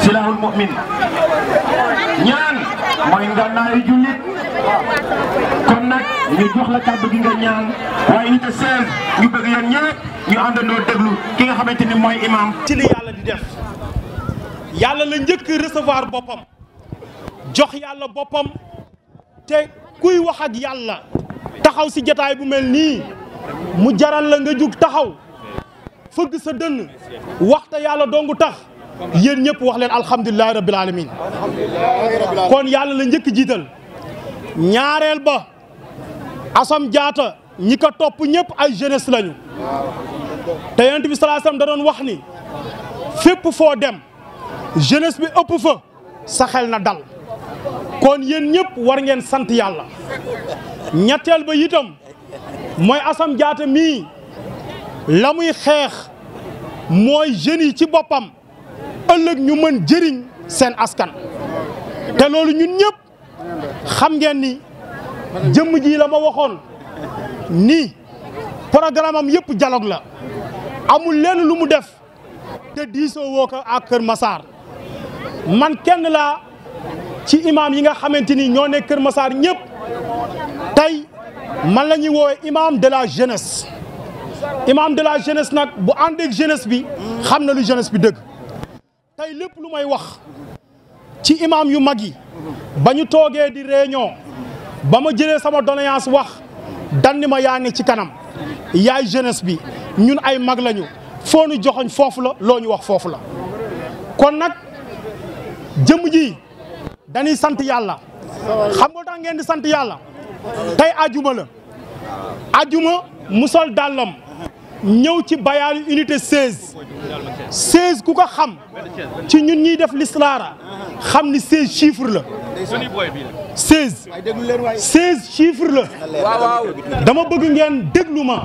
silahul mu'min ñaan mooy ngànnaayu jullit kon nag ñu jox la kàddu gi nga ñaan waaye ñu te seen ñu bëgg yéen ñëpp ñu àndandoo déglu ki nga xamante ni mooy imaam. ci li yàlla di def yàlla la njëkk recevoir boppam jox yàlla boppam te kuy wax ak yàlla taxaw si jataay bu mel nii mu jaral la nga jug taxaw fëgg sa dënn waxta yàlla dongu tax. yéen ñëpp wax leen alhamdulilahi rabbil alamin kon yàlla la njëkk jiital ñaareel ba asam jaata ñi ko topp ñëpp ay jeunesse lañu te yonent bi sallallahu alayhi wasallam da doon wax ni fépp foo dem jeunesse bi ëpp fa sa xel na dal kon yéen ñëpp war ngeen sant yàlla ñetteel ba itam mooy asam jaata mii la muy xeex mooy jeunes yi ci boppam ëllëg ñu mën jëriñ seen askan te loolu ñun ñëpp xam ngeen ni jëmm ji la ma waxoon ni programme am yëpp dialogue la amul lenn lu mu def te diisoo woo ko ak Kër Massar man kenn laa ci imaam yi nga xamante ni ñoo nekk Kër masaar ñëpp tey man la ñuy woowee imaam de la jeunesse imaam de la jeunesse nag bu ànd ak jeunesse bi xam na lu jeunesse bi dëgg. tey lépp lu may wax ci imaam yu mag yi ba ñu toogee di réunion ba ma jëlee sama doléance wax danni ma yaa ngi ci kanam yaay jeunesse bi ñun ay mag lañu foo nu joxoñ foofu la loo ñu wax foofu la kon nag jëm ji dañuy sant yàlla xam nga dangeen di sant yàlla tey ajuma la ajuma mu sol ñëw ci bayaanu unité 16 16 ku ko xam ci ñun ñuy def lislaara xam ni 16 chiffre la 16 16 chiffre la dama bëgg ngeen déglu ma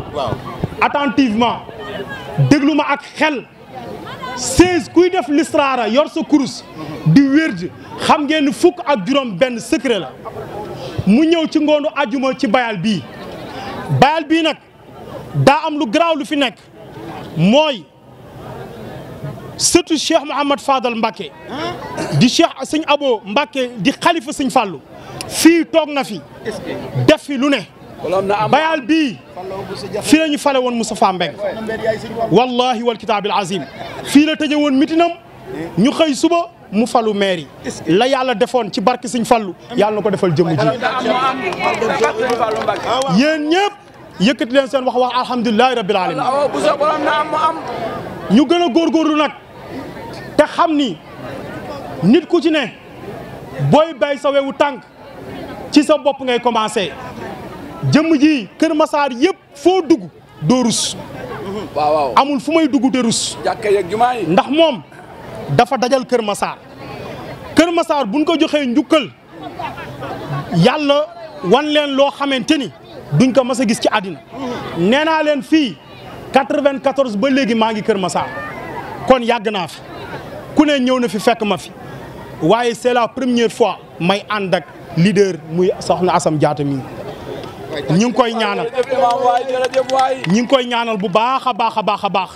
attentivement déglu ma ak xel 16 kuy def listraara yor sa kurus di wérd xam ngeen fukk ak juróom benn secret la mu ñëw ci ngoonu ajuma ci bayal bii bayal bii nag daa am lu garaaw lu fi nekk mooy surtout Cheikh Mouhamad Fadal Mbacké di Cheikh sëñ Abo Mbacké di xalifa sëñ Fallou fii toog na fi def fi lu ne bayal bii fii la ñu fale woon Moustapha Mbeng wallahi wal kitaabil azim fii la tëje woon mitinam ñu xëy suba mu falu maire la yàlla defoon ci barke sëñ Fallou yàlla na ko defal jëmm ji yéen yëkkati leen seen wax wax alhamdulilahi rabbil alamin ñu gën a góorgóorlu nag te xam ni nit ku ci ne booy bay sa wewu tànk ci sa bopp ngay commencé jëmm ji Kër Masaar yëpp foo dugg doo rus waaw amul fu may dugg te rus ndax moom dafa dajal Kër Masaar Kër Masaar buñ ko joxee njukkal yàlla wan leen loo xamante ni duñ ko mas a gis ci àddina nee naa leen fii 94 ba léegi maa ngi Kër ma Massar kon yàgg naa fi ku ne ñëw na fi fekk ma fi waaye c'est la première fois may ànd ak leader muy soxna Assam Diatta mi ñi ngi koy ñaanal ñi ngi koy ñaanal bu baax a baax a baax a baax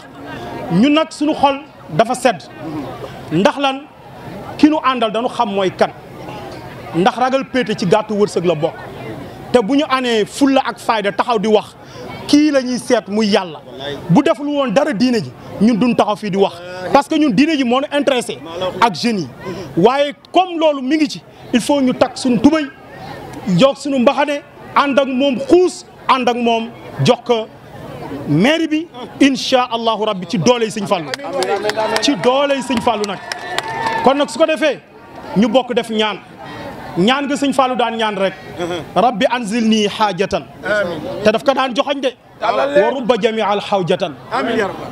ñun nag suñu xol dafa sedd ndax lan ki nu àndal dañu xam mooy kan ndax ragal péete ci gàttu wërsëg la bokk te bu ñu anee fulla ak fayda taxaw di wax kii lañuy seet muy yàlla bu deful woon dara diine ji ñun duñ taxaw fii di wax parce que ñun diina ji moo ñu intéressé ak jeunes yi waaye comme loolu mi ngi ci il faut ñu takk suñu tubay jox suñu mbaxane ànd ak moom xuus ànd ak moom jox ko mairie bi incha allahu rabbi ci doole yi sëñ fàllu ci doole yi sëñ nag kon nag su ko defee ñu bokk def ñaan ñaan nga seigne Fallou daan ñaan rek rabbi anzilni hajatan amin te daf ko daan joxagn de wa rubba amin ya xawjatan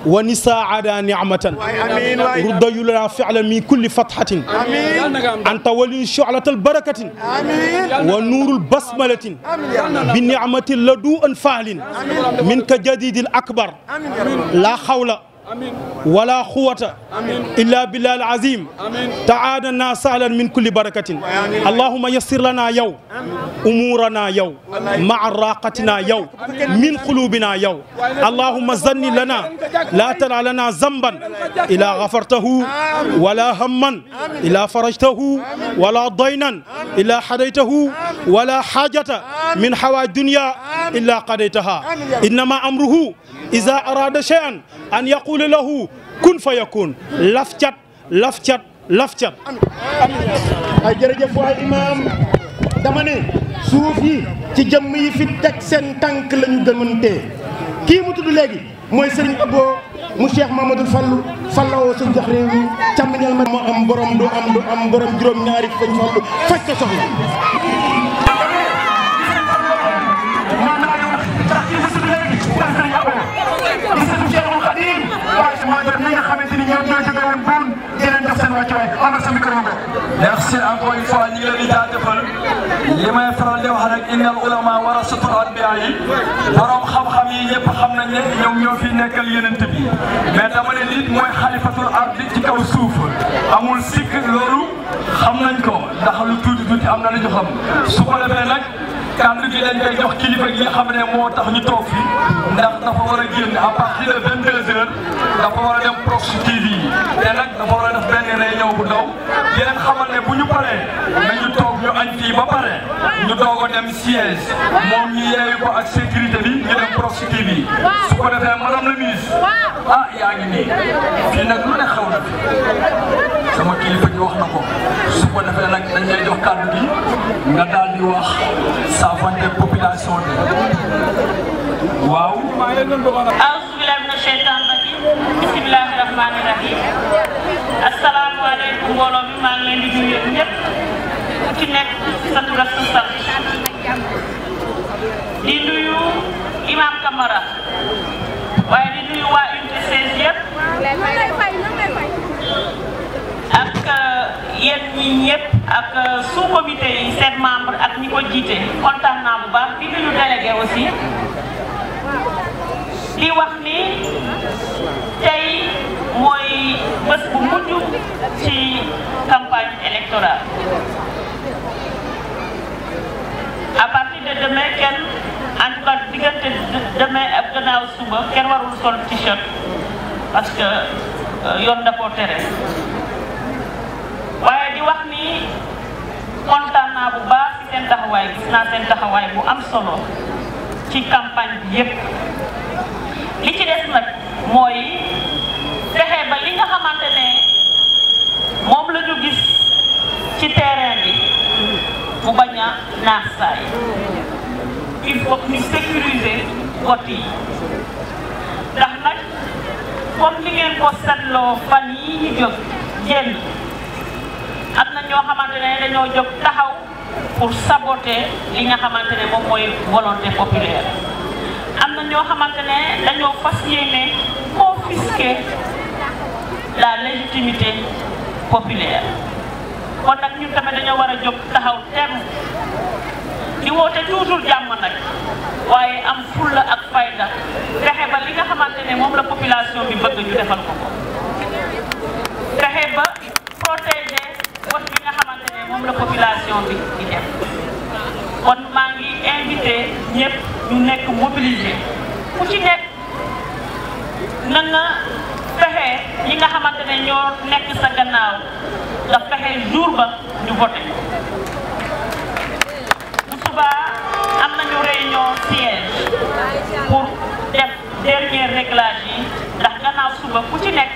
wa nisa'ada ni'matan amin wa rudda yulana fi'lan min kulli fathatin amin anta wali soclatal barakatin amin wa nurul basmalatin bi nicmatin ladu du an faalin min ka jadidil akbar la hawla ولا قوة إلا بالله العظيم تعادنا سهلا من كل بركة اللهم يسر لنا يو أمورنا يو مع راقتنا يو من قلوبنا يو اللهم زن لنا لا ترى لنا زنبا إلا غفرته ولا هما إلا فرجته ولا ضينا إلا حديته ولا حاجة من حوائج الدنيا إلا قديتها إنما أمره ida arada cheyan an yaqula lahu kun fa yakun laf cat laf cat laf cat ay jërëjëf waay imaam dama ne suuf yi ci jëmm yi fi teg seen tànk la ñu gëmantee kii mu tudd léegi mooy sëriñ Abo mu Cheikh Mamadou Fallou Fallou suñ jox réew mi càmmiñal ma moo am borom du am du am borom juróom ñaari fañ Fallou faj ko soxla waajal ñi nga xamante ni ñoom ñoo jóge woon buun di leen jox seen wàccuwaay amal sa micro nga. merci encore une fois ñu ngi leen di jaajëfal li may faral di wax rek innal ulama warasatul anbiya yi borom xam-xam yi ñëpp xam nañ ne ñoom ñoo fi nekkal yonent bi mais dama ne nit mooy xalifatul ardi ci kaw suuf amul sikk loolu xam nañ ko ndax lu tuuti tuuti am na lu ñu xam su ko defee nag. kàddu gi dañ koy jox kilifa gi nga xam ne moo tax ñu toog fi ndax dafa war a génn à partir de 22 heures dafa war a dem Proxi TV te nag dafa war a def benn réunion bu ndaw di leen xamal ne bu ñu paree nañu toog ñu añ fii ba pare ñu doog a dem siège moom ñu yeewu ko ak sécurité bi ñu dem Proxi TV su ko defee madame la ministre ah yaa ngi nii fii nag lu ne xaw na fi. sama kilifa gi wax na ko su ko defee nag dañ lay jox kàddu gi nga daal di wax saafante population bi waaw. aouzu billahi mina sheytaani rajim bismillahi rahmaani rahim asalaamaaleykum mbooloo mi maa ngi leen di nuyu ñëpp ku ci nekk sa tur ak ak euh, sous comité yi seen membre ak ñi ko jiite kontaan bu baax bi ñu délégué aussi di wax ni tey moy bés bu mujj ci campagne électorale à partir de demain kenn en tout cas diggante demain ak gannaaw suba kenn warul sol t-shirt parce que euh, yoon da koo tere taxawaay gis naa seen taxawaay bu am solo ci campagne bi yépp li ci des nag mooy fexe ba li nga xamante ne moom la gis ci terrain bi mu bañ a naax saay il faut ñu sécuriser yi ndax nag comme li ngeen ko seetloo fan yi ñu jóg génn am na ñoo xamante ne dañoo jóg taxaw pour saboter li nga xamante ne moom mooy volonté populaire am na ñoo xamante ne dañoo fas yéene confisquer la légitimité populaire kon nag ñun tamit dañoo war a jóg taxaw tem di woote toujours jàmm nag waaye am fulla ak fayda fexe ba li nga xamante ne moom la population bi bëgg ñu defal ko ko moom la population kon maa ngi invité ñëpp ñu nekk mobilisé ku ci nekk na fexe ñi nga xamante ñoo nekk sa gannaaw nga fexe jour ba ñu voté bu subaa am nañu réunion siège pour def dernier réglage yi ndax gannaaw suba ku ci nekk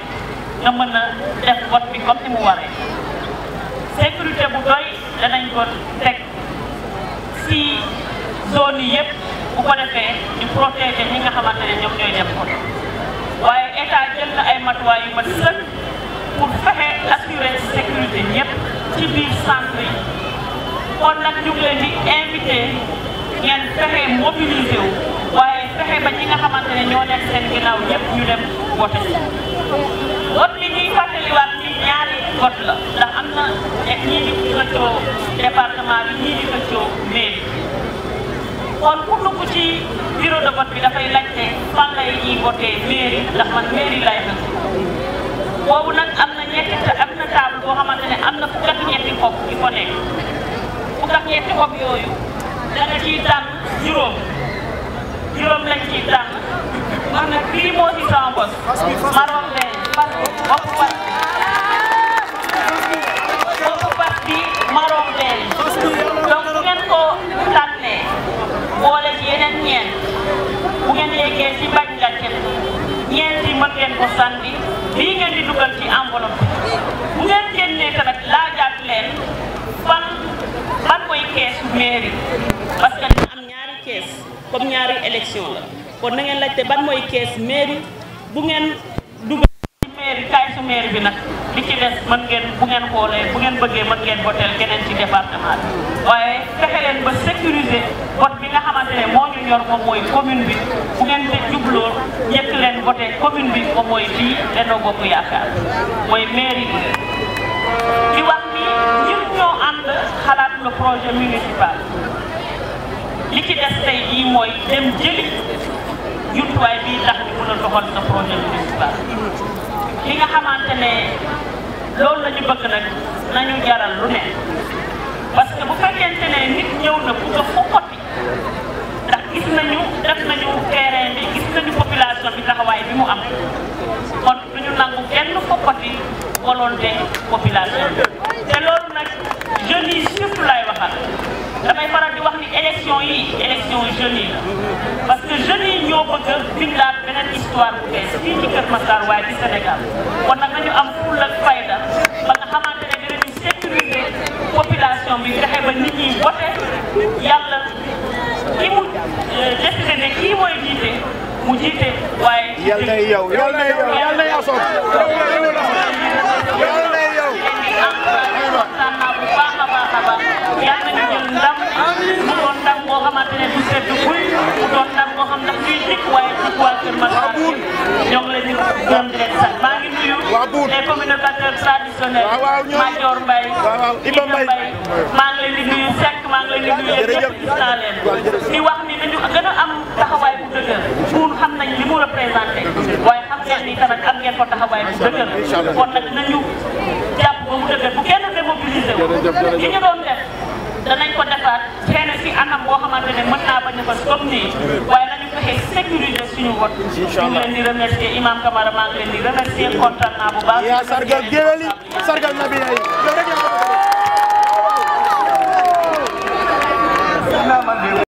nga mën a def vote bi comme ni mu waree sécurité bu doy danañ ko teg si zone yi yëpp bu ko defee ñu protéger ñi nga xamante ñoom ñooy dem waaye état jël na ay matuwaay yu mat sëkk pour fexe assurer sécurité ñëpp ci biir centre kon nag ñu ngi invité ngeen fexe mobiliser waaye fexe ba ñi nga xamante ñoo nekk seen ginnaaw ñëpp ñu dem wote département bi ñii di xëccoo mairie kon ku dugg ci bureau de bi dafay laajte fan lay ñuy votee mairie ndax man mairie lay xëcc boobu nag am na ñetti am na table boo xamante ne am na fukk ñetti xob yu ko nekk fukk ak ñetti xob yooyu dana ciy tànn juróom juróom lañ ciy tànn man nag kii moo ci sama bos ngeen ko sànni lii ngeen di dugal ci enveloppe bu ngeen génnee tamit laajaat leen fan ban mooy keesu mairie parce que am ñaari kees comme ñaari election la kon na ngeen laajte ban mooy kees mairie bu ngeen dugal ci mairie kaay su mairie bi nag li ci des mën ngeen bu ngeen xoolee bu ngeen bëggee mën ngeen voteel keneen ci département bi waaye fexe leen ba sécuriser vote bi nga xamante ne moo ngeen yor moom commune bi bu ngeen te jubloo njëkk leen voté commune bi moom mooy fii Benno Yaakaar mooy mairie bi di wax ni ñun ñoo ànd xalaat le projet municipal li ci des tey jii mooy dem jëli jumtuwaay bii tax ñu a doxal sa projet municipal li nga xamante ne loolu la bëgg nag nañu jaral lu ne parce bu fekkente ne nit ñëw na bu opposition bi taxawaay bi mu am kon du ñu nangu kenn foppati volonté population te loolu nag jeunes yi surtout laay waxal damay faral di wax ni élection yi élection jeunes yi la parce que jeunes yi ñoo bëgg a bindaat beneen histoire bu bees fii ci Kër Massar waaye ci Sénégal kon nag nañu am full ak fayda ba nga xamante ne dinañu sécuriser population bi fexe ba nit ñi voté yàlla ki mu euh, décidé ne kii mooy jiite mu jiite waaye yal na yow yal na yow yal na yow soog yal na yow yal na jël ndam mu doon ndam boo xamante ne du sedd buy mu doon ndam boo xam ndax fii dëkk waaye ci waa kër ma ñoo ngi leen di gërëm di leen sax maa ngi buur xam nañ li mu représenté waaye xam ngeen ni tamit am ngeen ko taxawaay bu dëgër kon nag nañu jàpp ba mu dëgër bu kenn démobilisé wu li ñu doon def danañ ko defaat xëy na si anam boo xamante ne mën naa bañ a bas comme nii waaye nañu fexe sécurité suñu vote ñu ngi leen di remercier imam Camara maa ngi leen di remercier kontaan naa bu baax. yaa sargal géwél yi sargal nabi yi